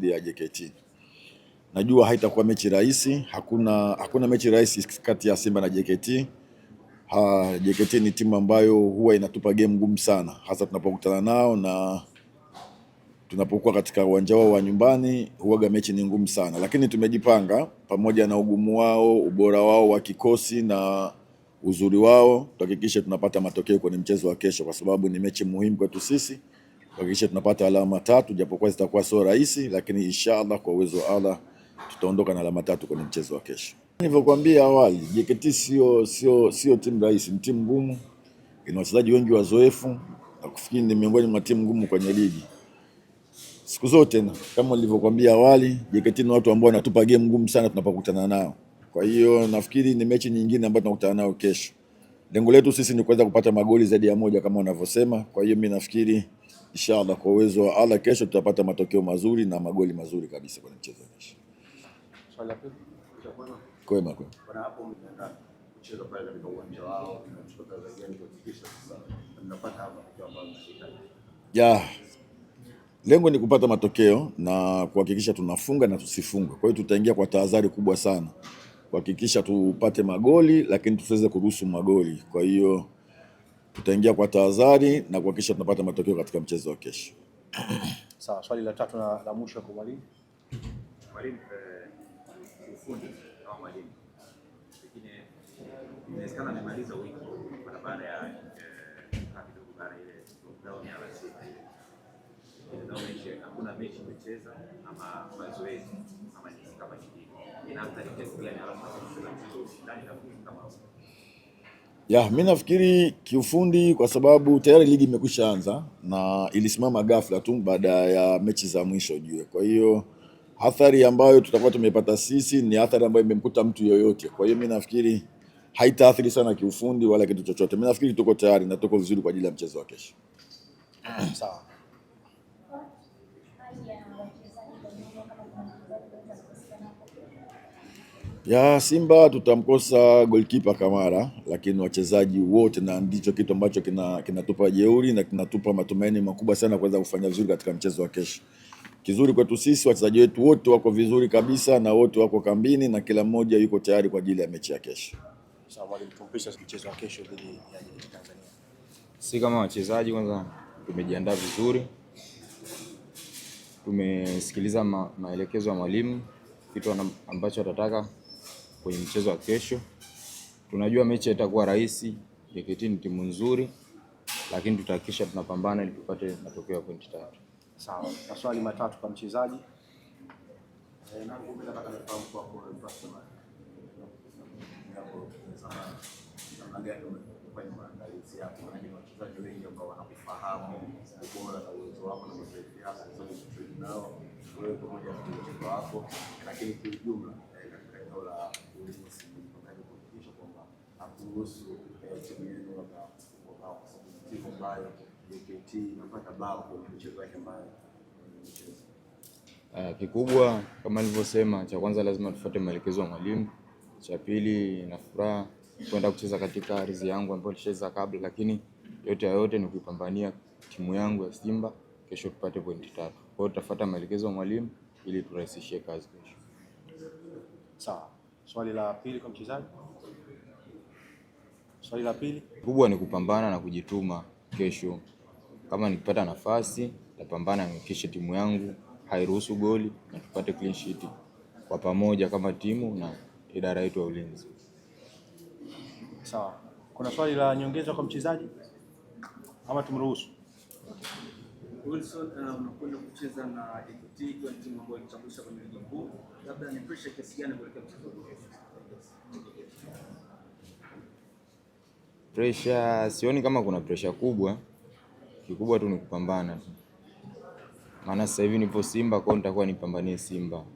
dhidi ya JKT. Najua haitakuwa mechi rahisi, hakuna, hakuna mechi rahisi kati ya Simba na JKT. Ha, JKT ni timu ambayo huwa inatupa game ngumu sana hasa tunapokutana nao na tunapokuwa katika uwanja wao wa nyumbani huwaga mechi ni ngumu sana, lakini tumejipanga pamoja na ugumu wao, ubora wao wa kikosi na uzuri wao, tuhakikishe tunapata matokeo kwenye mchezo wa kesho, kwa sababu ni mechi muhimu kwetu sisi kuhakikisha tunapata alama tatu, japokuwa zitakuwa sio rahisi, lakini inshallah kwa uwezo wa Allah tutaondoka na alama tatu kwenye mchezo wa kesho. Nilivyokuambia awali, JKT sio sio sio timu rahisi, ni timu ngumu, ina wachezaji wengi wazoefu na kufikiri ni miongoni mwa timu ngumu kwenye ligi siku zote. na Kama nilivyokuambia awali, JKT ni watu ambao wanatupa game ngumu sana tunapokutana nao. Kwa hiyo nafikiri ni mechi nyingine ambayo tunakutana nao kesho. Lengo letu sisi ni kuweza kupata magoli zaidi ya moja kama wanavyosema. Kwa hiyo mimi nafikiri Inshallah, kwa uwezo wa Allah, kesho tutapata matokeo mazuri na magoli mazuri kabisa kwenye mchezo wa kesho. Kwema kwema. Ya, lengo ni kupata matokeo na kuhakikisha tunafunga na tusifunge. Kwa hiyo tutaingia kwa tahadhari kubwa sana kuhakikisha tupate magoli, lakini tusiweze kuruhusu magoli. Kwa hiyo tutaingia kwa tahadhari na kuhakikisha tunapata matokeo katika mchezo wa kesho. Sawa, swali la tatu na la mwisho kwa mwalimu. Mwalimu, eh, ufundi au mwalimu, pengine inawezekana nimaliza wiki baada ya eh, hakuna mechi imecheza ama mazoezi ama kama nyingine, ina athari kiasi gani? Ya, mi nafikiri kiufundi kwa sababu tayari ligi imekwisha anza na ilisimama ghafla tu baada ya mechi za mwisho jue. Kwa hiyo athari ambayo tutakuwa tumepata sisi ni athari ambayo imemkuta mtu yoyote. Kwa hiyo mi nafikiri haitaathiri sana kiufundi wala kitu chochote. Mi nafikiri tuko tayari na tuko vizuri kwa ajili ya mchezo wa kesho. Sawa ya Simba tutamkosa golkipa Kamara, lakini wachezaji wote, na ndicho kitu ambacho kinatupa kina jeuri na kinatupa matumaini makubwa sana kuweza kufanya vizuri katika mchezo wa kesho. Kizuri kwetu sisi, wachezaji wetu wote wako vizuri kabisa na wote wako kambini na kila mmoja yuko tayari kwa ajili ya mechi ya kesho. Si kama wachezaji, kwanza tumejiandaa vizuri, tumesikiliza ma, maelekezo ya mwalimu, kitu ambacho atataka kwenye mchezo wa kesho. Tunajua mechi itakuwa rahisi, JKT ni timu nzuri, lakini tutahakikisha tunapambana ili tupate matokeo ya pointi tatu. Sawa, maswali matatu kwa mchezaji kuhusu timu yenu na timu ambayo JKT inapata bao kwenye michezo yake ambayo eh, kikubwa kama nilivyosema, cha kwanza lazima tufuate maelekezo ya mwalimu. Cha pili, na furaha kwenda kucheza katika ardhi yangu ambayo nilicheza kabla, lakini yote yayote ni kuipambania timu yangu ya Simba kesho tupate pointi tatu. Kwa hiyo tutafuata maelekezo ya mwalimu ili turahisishie kazi kesho. Sawa. Swali la pili kwa mchezaji. Swali la pili kubwa ni kupambana na kujituma. Kesho kama nikipata nafasi napambana nihakikishe timu yangu hairuhusu goli na tupate clean sheet kwa pamoja kama timu na idara yetu ya ulinzi. Sawa, kuna swali la nyongeza kwa mchezaji ama tumruhusu? Wilson eh, unakwenda Pressure sioni kama kuna pressure kubwa, kikubwa tu ni kupambana tu, maana sasa hivi nipo Simba kwao, nitakuwa nipambanie Simba.